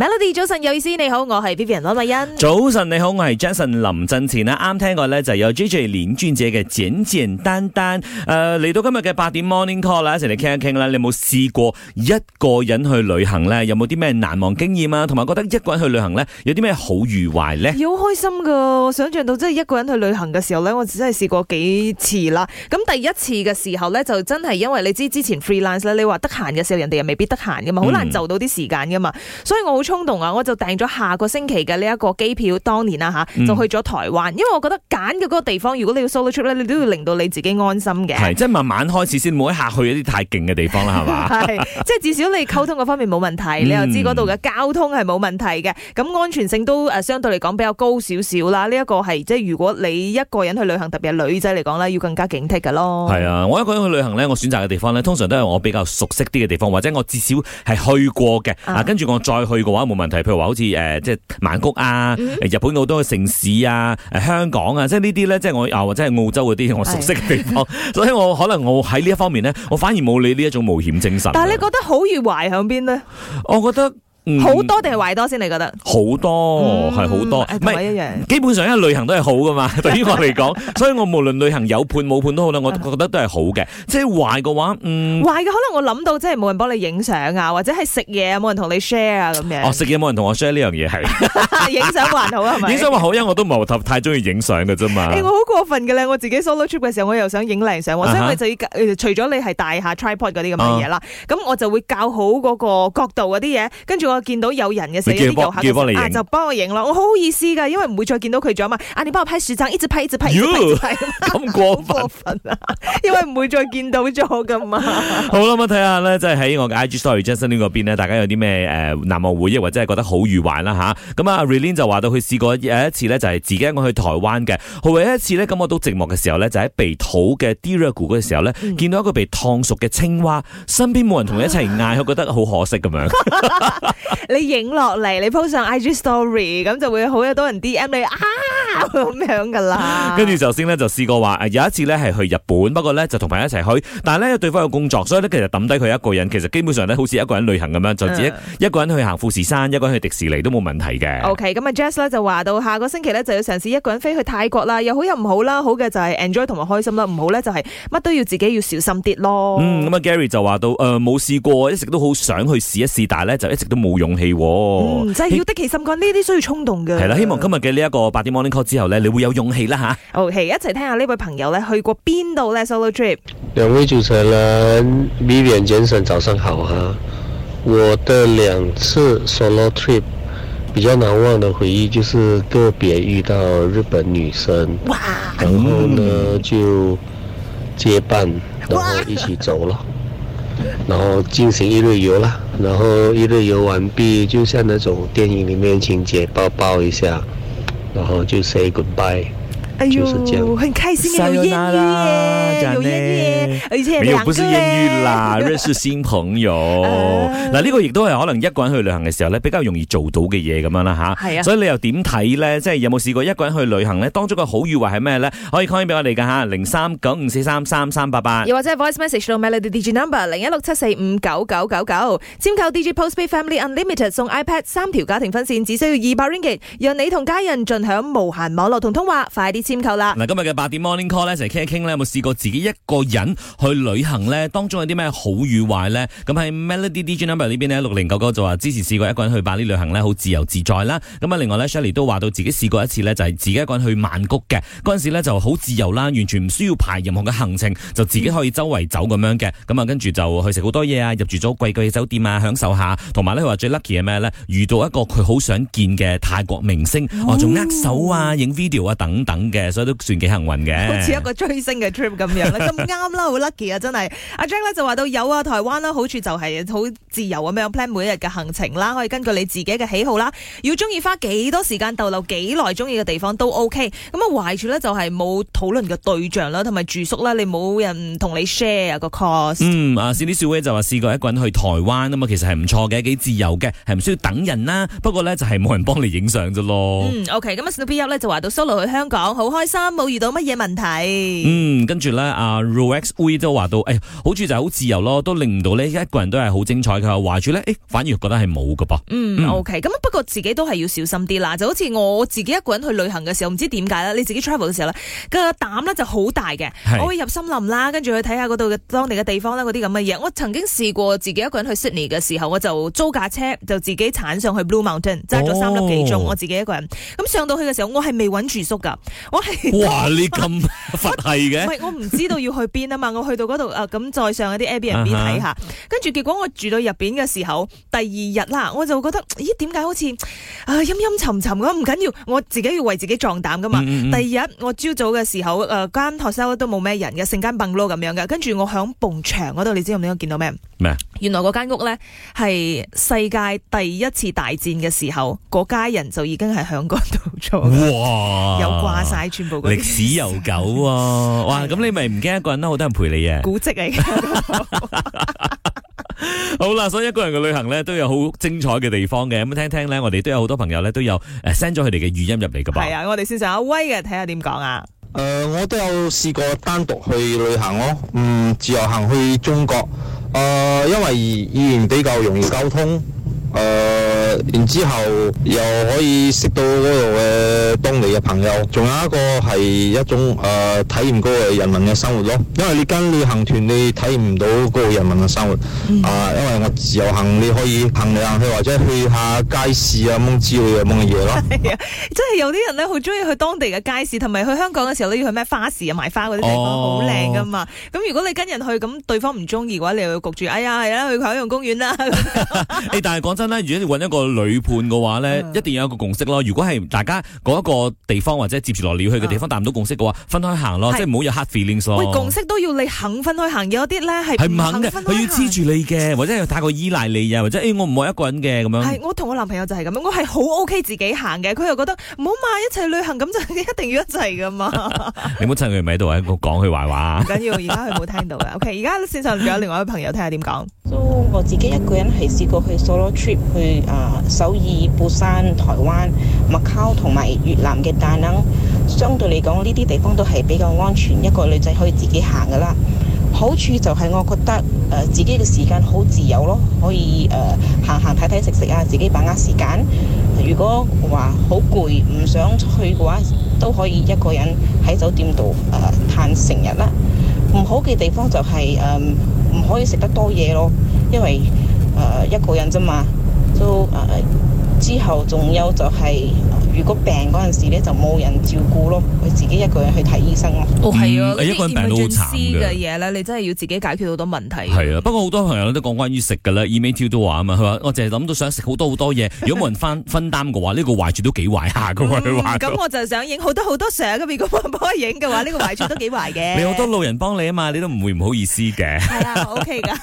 Melody 早晨有意思，你好，我係 Vivian 溫麗欣。早晨你好，我係 Jason 林振前啦。啱聽過咧，就有 J J 林俊傑嘅簡簡單單。誒、呃，嚟到今日嘅八點 Morning Call 啦，一齊嚟傾一傾啦。你有冇試過一個人去旅行咧？有冇啲咩難忘經驗啊？同埋覺得一個人去旅行咧，有啲咩好與壞咧？好開心噶！我想象到即係一個人去旅行嘅時候咧，我只係試過幾次啦。咁第一次嘅時候咧，就真係因為你知之前 freelance 咧，你話得閒嘅時候，人哋又未必得閒噶嘛，好難就到啲時間噶嘛，所以我好，衝動啊！我就訂咗下個星期嘅呢一個機票，當年啦、啊、就去咗台灣，因為我覺得揀嘅嗰個地方，如果你要 solo trip 咧，你都要令到你自己安心嘅。係即係慢慢開始先，唔好一下去一啲太勁嘅地方啦，係嘛 是？係 即係至少你溝通嗰方面冇問題， 你又知嗰度嘅交通係冇問題嘅，咁安全性都相對嚟講比較高少少啦。呢、這、一個係即係如果你一個人去旅行，特別係女仔嚟講咧，要更加警惕嘅咯。係啊，我一個人去旅行咧，我選擇嘅地方咧，通常都係我比較熟悉啲嘅地方，或者我至少係去過嘅，跟住我再去嘅冇問題，譬如話好似誒，即係曼谷啊，日本好多嘅城市啊、呃，香港啊，即係呢啲咧，即係我啊或者係澳洲嗰啲我熟悉嘅地方，是的 所以我可能我喺呢一方面咧， 我反而冇你呢一種冒險精神。但係你覺得好與壞喺邊咧？我覺得。好多定係壞多先？你覺得好多係好多，唔係一樣。基本上因為旅行都係好噶嘛，對於我嚟講，所以我無論旅行有伴冇伴都好啦，我覺得都係好嘅。即係壞嘅話，嗯，壞嘅可能我諗到即係冇人幫你影相啊，或者係食嘢冇人同你 share 啊咁樣。哦，食嘢冇人同我 share 呢樣嘢係，影相還好係咪？影相還好，因為我都冇太太中意影相嘅啫嘛。我好過分嘅咧，我自己 Solo trip 嘅時候，我又想影靚相，所以我就要除咗你係帶下 tripod 嗰啲咁嘅嘢啦，咁我就會教好嗰個角度嗰啲嘢，跟住我。見到有人嘅時候，啲遊客叫幫啊，就幫我影咯，我好好意思噶，因為唔會再見到佢咗嘛。啊，你幫我拍樹蔭，一直拍，一直拍，you, 一直拍，咁過， 過分啊！因為唔會再見到咗噶嘛。 好啦，我睇下咧，即係喺我嘅 IG Story Justin 嗰邊呢，大家有啲咩誒難忘回憶，或者係覺得好愉玩啦吓。咁啊，啊 r i l y n 就話到佢試過有一次咧，就係自己一個去台灣嘅，佢唯一一次咧，咁、就是、我都寂寞嘅時候咧，就喺、是、被土嘅 d i r a Goo 嘅時候咧，嗯、見到一個被燙熟嘅青蛙，身邊冇人同佢一齊，嗌，佢覺得好可惜咁樣。 你影落嚟，你 post 上 IG Story，咁就會好多人 DM 你啊咁樣噶啦。跟住頭先咧就試過話，誒有一次咧係去日本，不過咧就同朋友一齊去，但係咧對方有工作，所以咧其實抌低佢一個人，其實基本上咧好似一個人旅行咁樣，就自己一個人去行富士山，一個人去迪士尼都冇問題嘅。OK，咁啊 Jess 咧就話到下個星期咧就要嘗試一個人飛去泰國啦，又好又唔好啦，好嘅就係 enjoy 同埋開心啦，唔好咧就係乜都要自己要小心啲咯。嗯，咁啊 Gary 就話到誒冇試過，一直都好想去試一試，但係咧就一直都冇。冇勇氣、哦嗯，就係、是、要得其心過呢啲需要衝動嘅。係啦，希望今日嘅呢一個八點 morning call 之後呢，你會有勇氣啦吓。o、okay, k 一齊聽下呢位朋友呢，去過邊度呢 Solo s o l o trip，兩位主持人，Vivian Jensen，早上好啊！我的兩次 Solo trip 比較難忘的回憶，就是個別遇到日本女生，哇然後呢、嗯、就結伴然後一起走了。哇 然後進行一日遊啦，然後一日遊完畢，就像那種電影裏面情節，抱抱一下，然後就 say goodbye。哎呦就是這樣，很開心嘅，有艷遇嘅，有艷遇，而且兩個人，沒有，不是艷遇啦，認識新朋友。嗱，呢個亦都係可能一個人去旅行嘅時候咧，比較容易做到嘅嘢咁樣啦，吓。係啊，所以你又點睇咧？即係有冇試過一個人去旅行咧？當中嘅好與壞係咩咧？可以 call 俾我哋噶吓，零三九五四三三三八八，又或者 voice message 到 my lady digi number 零一六七四五九九九九，簽購 Digi postpaid family unlimited 送 iPad 三條家庭分線，只需要二百 ringgit，讓你同家人盡享無限網絡同通話，快啲！簽購啦！嗱，今日嘅八點 Morning Call 咧，成日傾一傾咧，有冇試過自己一個人去旅行咧？當中有啲咩好與壞咧？咁喺 Melody D J Number 呢邊咧，六零九九就話之前試過一個人去巴厘旅行咧，好自由自在啦。咁啊，另外咧，Shelly 都話到自己試過一次咧，就係自己一個人去曼谷嘅嗰陣時咧，就好自由啦，完全唔需要排任何嘅行程，就自己可以周圍走咁樣嘅。咁啊、嗯，跟住就去食好多嘢啊，入住咗貴貴嘅酒店啊，享受一下。同埋佢話最 lucky 嘅咩咧？遇到一個佢好想見嘅泰國明星，嗯、哦，仲握手啊，拍影 video 啊，等等嘅。所以都算幾幸運嘅，好似一個追星嘅 trip 咁樣啦，咁啱啦，好 lucky 啊，真係。阿 Jack 就話到有啊，台灣啦，好處就係好自由咁樣 plan 每一日嘅行程啦，可以根據你自己嘅喜好啦，要中意花幾多時間逗留幾耐，中意嘅地方都 OK。咁啊，壞處咧就係冇討論嘅對象啦，同埋住宿啦，你冇人同你 share 個 cost。嗯，阿 Sandy 少就話試過一個人去台灣啊嘛，其實係唔錯嘅，幾自由嘅，係唔需要等人啦。不過咧就係冇人幫你影相啫咯。嗯，OK，咁 s n、no、o w y 就話到 Solo 去香港好。開心冇遇到乜嘢問題，嗯，跟住咧，阿 Roxie 都話到，誒、哎，好處就係好自由咯，都令到呢一個人都係好精彩，佢話住咧，誒、哎，反而覺得係冇㗎噃。嗯，OK，咁不過自己都係要小心啲啦。就好似我自己一個人去旅行嘅時候，唔知點解啦，你自己 travel 嘅時候咧，個膽咧就好大嘅，是我會入森林啦，跟住去睇下嗰度嘅當地嘅地方啦，嗰啲咁嘅嘢。我曾經試過自己一個人去 Sydney 嘅時候，我就租架車就自己鏟上去 Blue Mountain，揸咗三粒幾鐘，哦、我自己一個人。咁上到去嘅時候，我係未揾住宿噶。 哇！你咁佛系嘅，唔係 我唔知道要去邊啊嘛！我去到嗰度，咁再上一啲 Airbnb 睇下，跟住、uh huh. 結果我住到入邊嘅時候，第二日啦、啊，我就覺得咦？點解好似啊陰陰沉沉咁？唔緊要，我自己要為自己壯膽噶嘛。Mm hmm. 第二日我朝早嘅時候誒，間、呃、學生都冇咩人嘅，成間崩咯咁樣嘅。跟住我響蹦牆嗰度，你知唔知我見到咩？咩？原來嗰間屋咧，係世界第一次大戰嘅時候，嗰家人就已經係響港度咗，哇！有掛晒全部歷史悠久、啊、 哇！咁你咪唔驚一個人咯、啊，好、哎、呀多人陪你啊！古蹟嚟嘅、啊！好啦，所以一個人嘅旅行咧都有好精彩嘅地方嘅。咁、嗯、聽聽咧，我哋都有好多朋友咧都有誒 send 咗佢哋嘅語音入嚟噶。係啊，我哋先上阿威嘅，睇下點講啊。誒，我都有試過單獨去旅行咯，嗯，自由行去中國。呃，因為語言比較容易溝通。誒、呃，然之後又可以識到嗰度嘅當地嘅朋友，仲有一個係一種誒、呃、體驗嗰個人民嘅生活咯。因為你跟旅行團，你體驗唔到嗰個人民嘅生活。啊、嗯呃，因為我自由行，你可以行嚟行去或者去下街市啊，咁之類嘅咁嘅嘢咯。即真係有啲人咧好中意去當地嘅街市，同埋去香港嘅時候你要去咩花市啊買花嗰啲地方，好靚噶嘛。咁如果你跟人去，咁對方唔中意嘅話，你又要焗住。哎呀，係呀，去海洋公園啦。你 但係講。真咧，如果你揾一個女伴嘅話咧，嗯、一定要有一個共識咯。如果係大家嗰一個地方或者接住落料去嘅地方達唔到共識嘅話，分開行咯，是即係唔好有 hard feeling。喂，共識都要你肯分開行，有啲咧係唔肯嘅，佢要黐住你嘅，或者係太過依賴你啊，或者、欸、我唔愛一個人嘅咁樣。係我同我男朋友就係咁，我係好 OK 自己行嘅，佢又覺得唔好嘛，一齊旅行咁就一定要一齊噶嘛。 你唔好趁佢唔喺度，我講佢壞話。唔緊要，而家佢冇聽到嘅。OK，而家線上仲有另外一位朋友，聽下點講。都、so，我自己一個人係試過去 Solo Trip 去誒、呃、首爾、釜山、台灣、麥考同埋越南嘅大寧，相對嚟講呢啲地方都係比較安全，一個女仔可以自己行㗎喇。好處就係我覺得、呃、自己嘅時間好自由咯，可以誒、呃、行行睇睇食食啊，自己把握時間。如果話好攰唔想出去嘅話，都可以一個人喺酒店度誒攤成日啦。唔好嘅地方就係、是、誒。呃唔可以食得多嘢咯，因為誒、呃、一個人啫嘛，都誒、呃、之後仲有就係、是。呃如果病嗰陣時咧，就冇人照顧咯，佢自己一個人去睇醫生咯。哦，係啊，你一個人病都好慘嘅。啲嘢咧，你真係要自己解決好多問題。係啊，不過好多朋友都講關於食㗎啦，二尾跳都話啊嘛，佢話我淨係諗到想食好多好多嘢，如果冇人分分擔嘅話，呢個壞處都幾壞下嘅喎。咁我就想影好多好多相咁，如果冇人幫我影嘅話，呢個壞處都幾壞嘅。有好多路人幫你啊嘛，你都唔會唔好意思嘅。係啊，我 OK 㗎。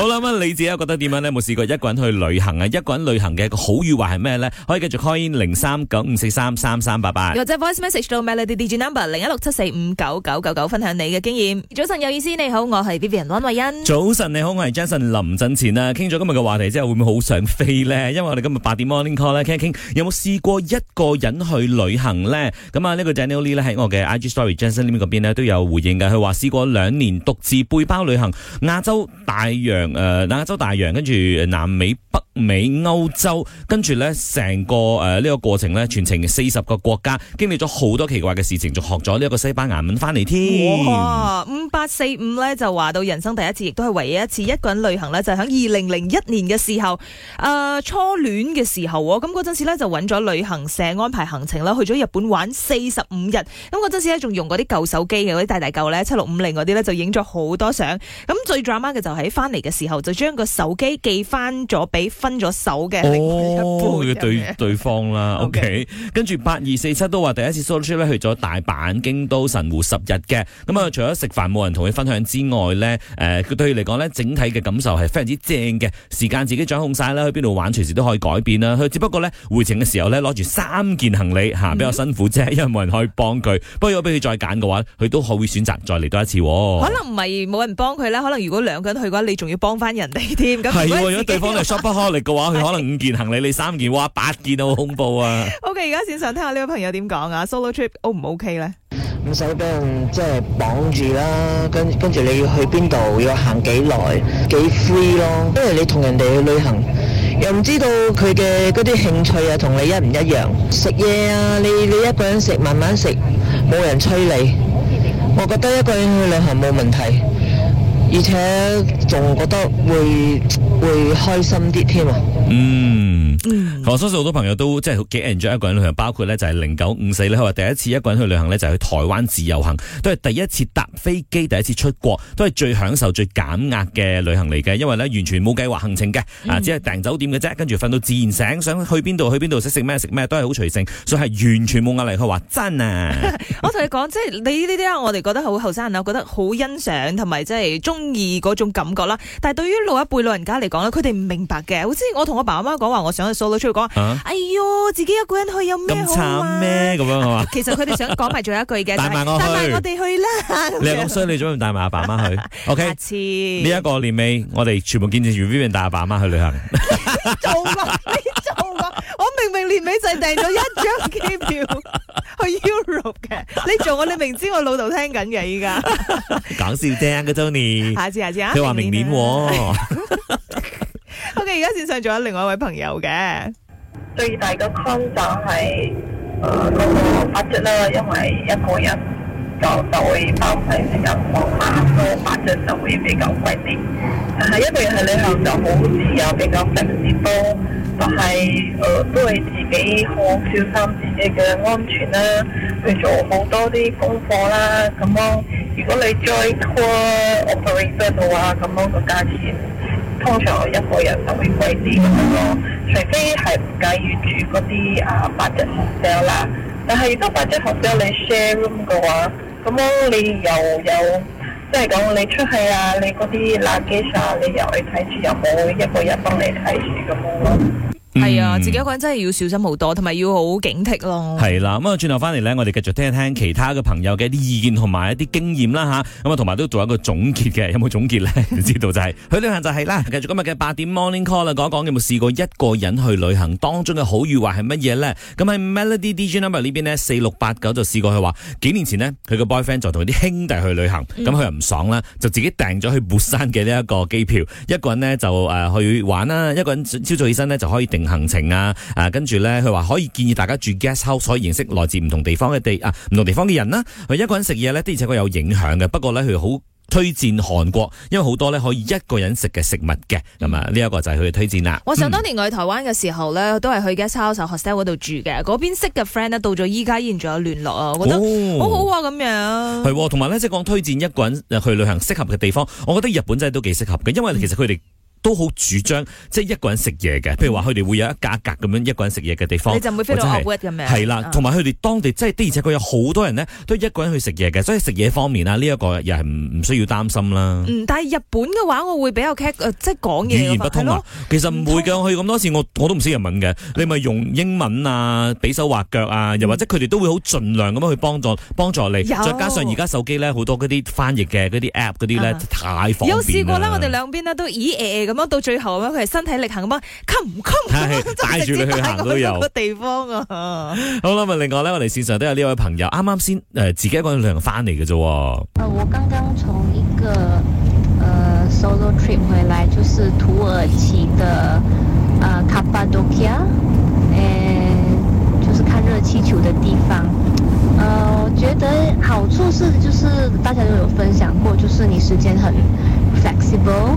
好啦，咁你自己覺得點樣咧？有冇試過一個人去旅行啊？一個人旅行嘅好與壞係咩咧？可以繼續 call 039五四三三三八八，或者 voice message 到 Melody 的 DJ number 零一六七四五九九九九，分享你嘅經驗。早晨有意思，你好，我係 Vivian 溫慧欣。早晨你好，我係 Jason 林振前啦，傾咗今日嘅話題之後，會唔會好想飛呢？因為我哋今日八點 morning call 咧，傾一傾有冇試過一個人去旅行呢？咁啊，呢個仔 Nolie 呢喺我嘅 IG story Jason 呢邊嗰邊咧都有回應嘅，佢話試過兩年獨自背包旅行亞洲大洋誒亞洲大洋，跟住南美、北美、歐洲，跟住呢成個誒呢個過程呢。全程四十個國家，經歷咗好多奇怪嘅事情，仲學咗呢個西班牙文翻嚟添。哇！五八四五咧就話到人生第一次，亦都係唯一一次一個人旅行咧，就喺二零零一年嘅時候，誒、呃、初戀嘅時候。咁嗰陣時咧就揾咗旅行社安排行程啦，去咗日本玩四十五日。咁嗰陣時咧仲用嗰啲舊手機嘅嗰啲大大嚿咧七六五零嗰啲咧就影咗好多相。咁最 drama 嘅就喺翻嚟嘅時候，就將個手機寄翻咗俾分咗手嘅哦嘅對對方啦。 ok。跟住八二四七都話第一次 solo 咧去咗大阪、京都、神戶十日嘅，咁啊除咗食飯冇人同佢分享之外咧，誒、呃、對佢嚟講咧整體嘅感受係非常之正嘅，時間自己掌控晒啦，去邊度玩隨時都可以改變啦。佢只不過咧回程嘅時候咧攞住三件行李吓、啊、比較辛苦啫，因為冇人可以幫佢。不過如果俾佢再揀嘅話，佢都可以會選擇再嚟多一次。可能唔係冇人幫佢啦，可能如果兩個人去嘅話，你仲要幫翻人哋添。咁如，如果對方係 shopaholic 嘅話，佢可能五件行李， 你三件，哇八件都好恐怖啊！咁而家先想聽下呢位朋友點講啊？Solo trip O 唔 O K 呢？唔使俾人即係綁住啦，跟跟住你要去邊度，要行幾耐，幾 free 咯。因為你同人哋去旅行，又唔知道佢嘅嗰啲興趣啊同你一唔一樣。食嘢啊，你你一個人食，慢慢食，冇人催你。我覺得一個人去旅行冇問題。而且仲覺得會會開心啲添啊！嗯，我相信好多朋友都即係幾 enjoy 一個人旅行，包括咧就係零九五四咧，佢話第一次一個人去旅行咧就係去台灣自由行，都係第一次搭飛機，第一次出國，都係最享受、最減壓嘅旅行嚟嘅。因為咧完全冇計劃行程嘅，啊只係訂酒店嘅啫，跟住瞓到自然醒，想去邊度去邊度，想食咩食咩都係好隨性，所以係完全冇壓力。佢話真啊 我！就是、我同你講，即係你呢啲我哋覺得好後生人，我覺得好欣賞同埋即係中。中意嗰種感覺啦，但係對於老一輩老人家嚟講咧，佢哋唔明白嘅。好似我同我爸阿媽講話，我想去 solo 出去講，啊、哎喲，自己一個人去有咩好啊？咁慘咩？咁樣係嘛？其實佢哋想講埋最後一句嘅，就是，帶埋我哋去，去啦。你係咁衰，你仲要帶埋阿爸阿媽去 ？OK，下次呢一個年尾，我哋全部見證住 Vivian 帶阿爸阿媽去旅行。 明明年尾就訂咗一張機票去 Europe 嘅，你做我你明知我老豆聽緊嘅依家，講笑啫，Johnny。下次下次，你話明年。OK，而家線上仲有另外一位朋友嘅最大嘅 concern 就係誒多八折啦，因為一個人就就會包曬成個房啦，多八折就會比較貴啲。但係一個人去旅行就好自由，比較十分之多。就係誒，都係自己好小心自己嘅安全啦，啊，去做好多啲功課啦。咁咯，啊，如果你再 call operator 嘅話，咁咯，啊那個價錢通常我一個人就會貴啲咁咯，除非係唔介意住嗰啲啊八人房啫啦。但係如果八人房啫你 share room 嘅話，咁咯，啊，你又有。即係講你出去啊，你嗰啲垃圾啊，你又去睇住，又冇一個人幫你睇住咁咯。係啊，嗯、自己一個人真係要小心好多，同埋要好警惕咯。係啦，咁啊轉頭翻嚟咧，我哋繼續聽一聽其他嘅朋友嘅啲意見同埋一啲經驗啦吓，咁啊同埋都做一個總結嘅，有冇總結咧？ 知道就係、是、去旅行就係、是、啦，繼續今日嘅八點 morning call 啦，講一講有冇試過一個人去旅行當中嘅好與壞係乜嘢咧？咁喺 Melody D J number 呢邊呢，四六八九就試過，佢話幾年前呢，佢個 boyfriend 就同啲兄弟去旅行，咁佢又唔爽啦，就自己訂咗去釜山嘅呢一個機票，嗯、一個人呢，就誒、呃、去玩啦，一個人朝早起身呢，就可以定。行程啊，啊，跟住咧，佢話可以建議大家住 guest house，所以認識來自唔同地方嘅地啊，唔同地方嘅人啦、啊。佢一個人食嘢呢，的而且確有影響嘅。不過呢，佢好推薦韓國，因為好多呢可以一個人食嘅食物嘅。咁、嗯、啊，呢一、嗯、個就係佢嘅推薦啦。我想當年我去台灣嘅時候呢，都係去 guest house、嗯、或者 hotel 嗰度住嘅。嗰邊識嘅 friend 呢，到咗依家依然仲有聯絡啊。我覺得好好啊，咁、哦、樣、啊。係，同埋呢，即係講推薦一個人去旅行適合嘅地方，我覺得日本真係都幾適合嘅，因為其實佢哋、嗯。都好主張即係一個人食嘢嘅，譬如話佢哋會有一格一格咁樣一個人食嘢嘅地方，你就會飛到惡國咁樣。係啦，同埋佢哋當地即係，的而且確有好多人咧都一個人去食嘢嘅，所以食嘢方面啦，呢一個又係唔唔需要擔心啦。嗯，但係日本嘅話，我會比較 care，即係講嘢語言不通啊，係咯。其實唔會嘅，我去咁多次，我我都唔識日文嘅。你咪用英文啊，比手畫腳啊，又或者佢哋都會好盡量咁樣去幫助幫助你。有。再加上而家手機咧好多嗰啲翻譯嘅嗰啲 app 嗰啲咧太方便啦。有試過啦，我哋兩邊咧都咦誒誒咁。咁到最後咁，佢係身體力行咁，扛唔扛？係帶住你去下都有個地方啊！好啦，咁另外咧，我哋線上都有呢位朋友，啱啱先誒、呃、自己一個人旅行翻嚟嘅啫。我剛剛從一個誒、呃、solo trip 回來，就是土耳其的誒卡巴多奇亞，誒、呃，cia, 就是看熱氣球的地方。誒、呃，我覺得好處是，就是大家都有分享過，就是你時間很 flexible。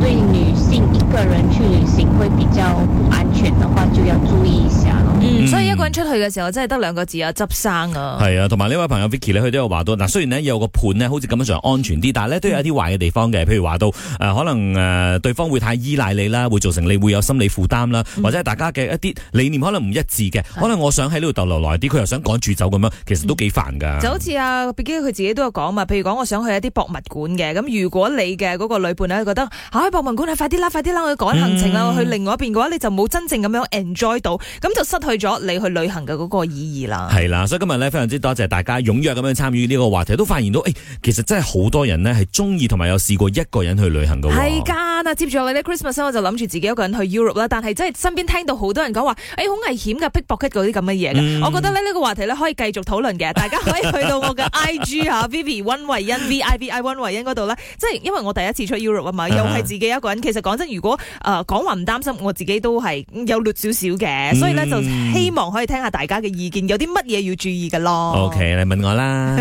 對女性一個人去旅行，會比較不安全的話，就要注意一下。嗯，所以一個人出去嘅時候真係得兩個字啊，執生啊。係啊，同埋呢位朋友 Vicky 佢都有話到，嗱雖然呢有個伴呢好似咁樣就安全啲，但係都有一啲壞嘅地方嘅，嗯、譬如話到、呃、可能誒、呃、對方會太依賴你啦，會造成你會有心理負擔啦，或者大家嘅一啲理念可能唔一致嘅，可能我想喺呢度逗留耐啲，佢又想趕住走咁樣，其實都幾煩噶、嗯。就好似阿 Vicky 佢自己都有講嘛，譬如講我想去一啲博物館嘅，咁如果你嘅嗰個旅伴咧覺得，唉、哎、博物館啊，快啲啦、啊，快啲啦，我、啊、要、啊、趕行程、嗯、去另外一邊嘅話，你就冇真正咁樣 enjoy 到，咁就失。去咗你去旅行嘅嗰個意義啦，係啦，所以今日咧非常之多謝大家踊躍咁樣參與呢個話題，都發現到誒、欸，其實真係好多人咧係中意同埋有試過一個人去旅行嘅。係接住我呢 Christmas 我就諗住自己一個人去 Europe 啦。但係真係身邊聽到好多人講話，誒，好危險噶，pickpocket 嗰啲咁嘅嘢㗎。」我覺得呢呢個話題咧可以繼續討論嘅，大家可以去到我嘅 IG 吓 Vivi 維恩 VIVI 維恩嗰度咧。即係因為我第一次出 Europe 啊嘛，又係自己一個人。其實講真，如果誒講話唔擔心，我自己都係有略少少嘅。所以咧就希望可以聽下大家嘅意見，有啲乜嘢要注意噶咯。OK，你問我啦。